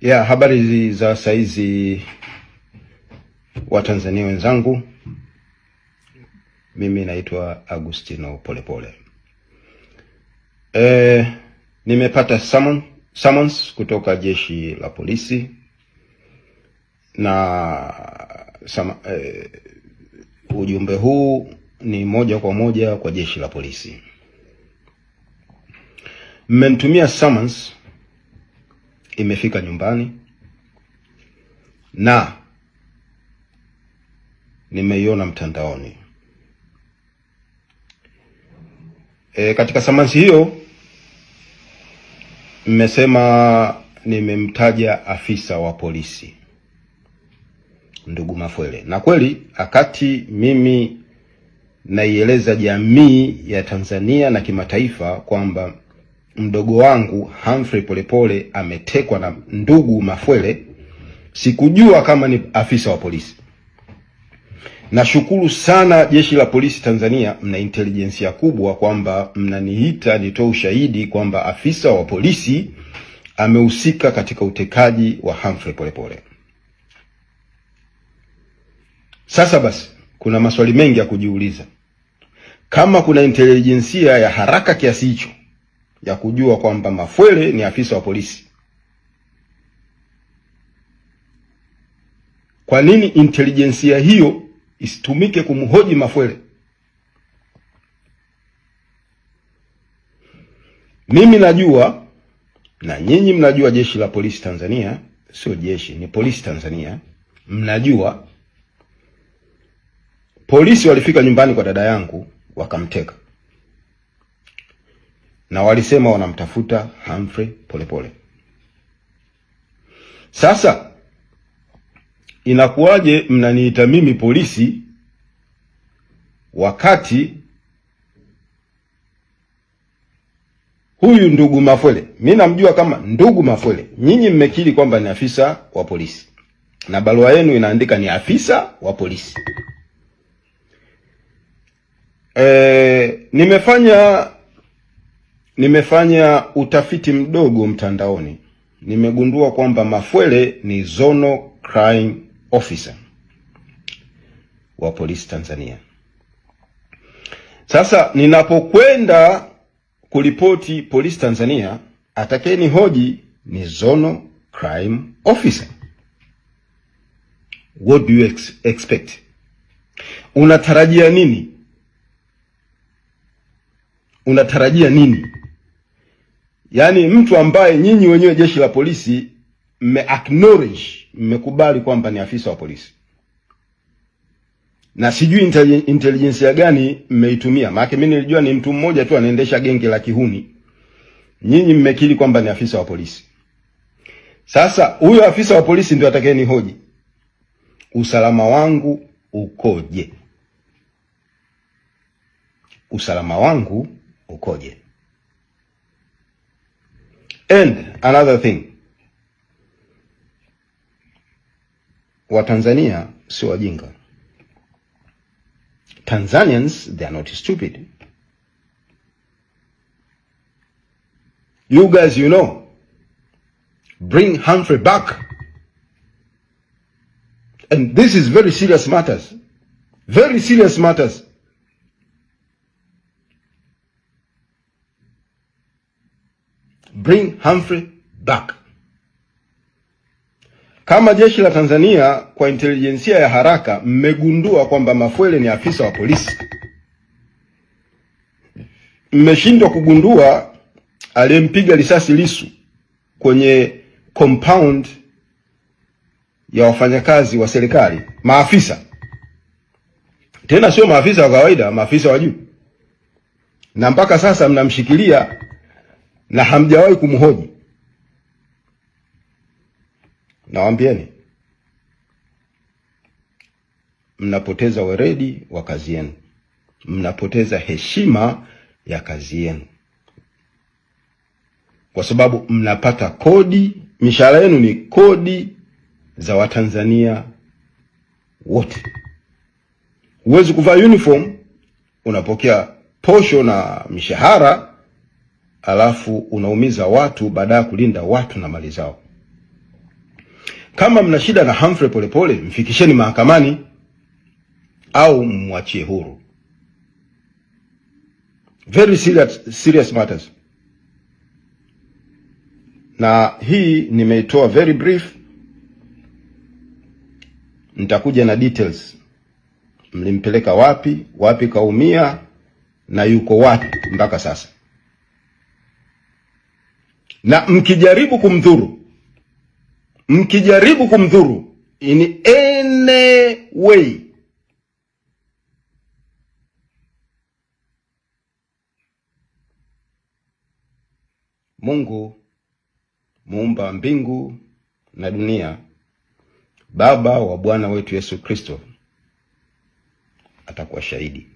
Ya habari za saizi wa Tanzania wenzangu, mimi naitwa Agustino Polepole. Eh, nimepata summon, summons kutoka jeshi la polisi na sama, eh, ujumbe huu ni moja kwa moja kwa jeshi la polisi. Mmenitumia summons imefika nyumbani na nimeiona mtandaoni. E, katika samansi hiyo mmesema nimemtaja afisa wa polisi ndugu Mafwele, na kweli akati mimi naieleza jamii ya Tanzania na kimataifa kwamba mdogo wangu Humphrey Polepole ametekwa na ndugu Mafwele. Sikujua kama ni afisa wa polisi. Nashukuru sana jeshi la polisi Tanzania, mna intelijensia kubwa kwamba mnaniita nitoe ushahidi kwamba afisa wa polisi amehusika katika utekaji wa Humphrey Polepole. Sasa basi, kuna maswali mengi ya kujiuliza. Kama kuna intelijensia ya haraka kiasi hicho ya kujua kwamba Mafwele ni afisa wa polisi. Kwa nini intelijensia hiyo isitumike kumhoji Mafwele? Mimi najua na nyinyi mnajua, jeshi la polisi Tanzania sio jeshi, ni polisi Tanzania. Mnajua polisi walifika nyumbani kwa dada yangu wakamteka na walisema wanamtafuta Humphrey Polepole. Sasa inakuwaje mnaniita mimi polisi wakati huyu ndugu Mafwele mi namjua kama ndugu Mafwele. Nyinyi mmekiri kwamba ni afisa wa polisi na barua yenu inaandika ni afisa wa polisi. E, nimefanya Nimefanya utafiti mdogo mtandaoni, nimegundua kwamba Mafwele ni zono Crime Officer wa polisi Tanzania. Sasa ninapokwenda kuripoti polisi Tanzania, atakeni hoji ni zono Crime Officer. What do you ex expect? Unatarajia nini? Unatarajia nini? yaani mtu ambaye nyinyi wenyewe jeshi la polisi mme acknowledge mmekubali kwamba ni afisa wa polisi, na sijui ya gani mmeitumia, maana mimi nilijua ni mtu mmoja tu anaendesha genge la kihuni. Nyinyi mmekiri kwamba ni afisa wa polisi. Sasa huyo afisa wa polisi ndio atakaye nihoji usalama wangu ukoje, usalama wangu ukoje? And another thing, Watanzania si wajinga. Tanzanians they are not stupid. You guys, you know, bring Humphrey back. And this is very serious matters. Very serious matters. bring Humphrey back. Kama jeshi la Tanzania kwa intelijensia ya haraka mmegundua kwamba Mafwele ni afisa wa polisi, mmeshindwa kugundua aliyempiga risasi lisu kwenye compound ya wafanyakazi wa serikali, maafisa tena, sio maafisa wa kawaida, maafisa wa juu, na mpaka sasa mnamshikilia na hamjawahi kumhoji. Nawambieni, mnapoteza weredi wa kazi yenu, mnapoteza heshima ya kazi yenu, kwa sababu mnapata kodi. Mishahara yenu ni kodi za Watanzania wote. Huwezi kuvaa uniform, unapokea posho na mishahara alafu unaumiza watu baada ya kulinda watu na mali zao. Kama mna shida na Humphrey Polepole, mfikisheni mahakamani au mmwachie huru. Very serious, serious matters. Na hii nimeitoa very brief, nitakuja na details. Mlimpeleka wapi, wapi kaumia na yuko wapi mpaka sasa na mkijaribu kumdhuru, mkijaribu kumdhuru in any way Mungu muumba mbingu na dunia, baba wa Bwana wetu Yesu Kristo atakuwa shahidi.